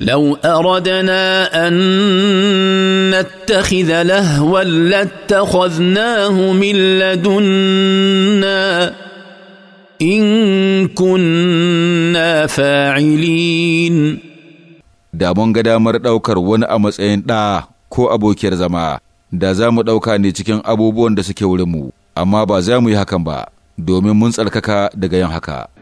لو اردنا ان نتخذ لهوا لاتخذناه من لدنا ان كنا فاعلين da mun ga damar ɗaukar wani a matsayin ɗa ko abokiyar zama da za mu ɗauka ne cikin abubuwan da suke wurinmu amma ba za mu yi hakan ba domin mun tsarkaka daga yin haka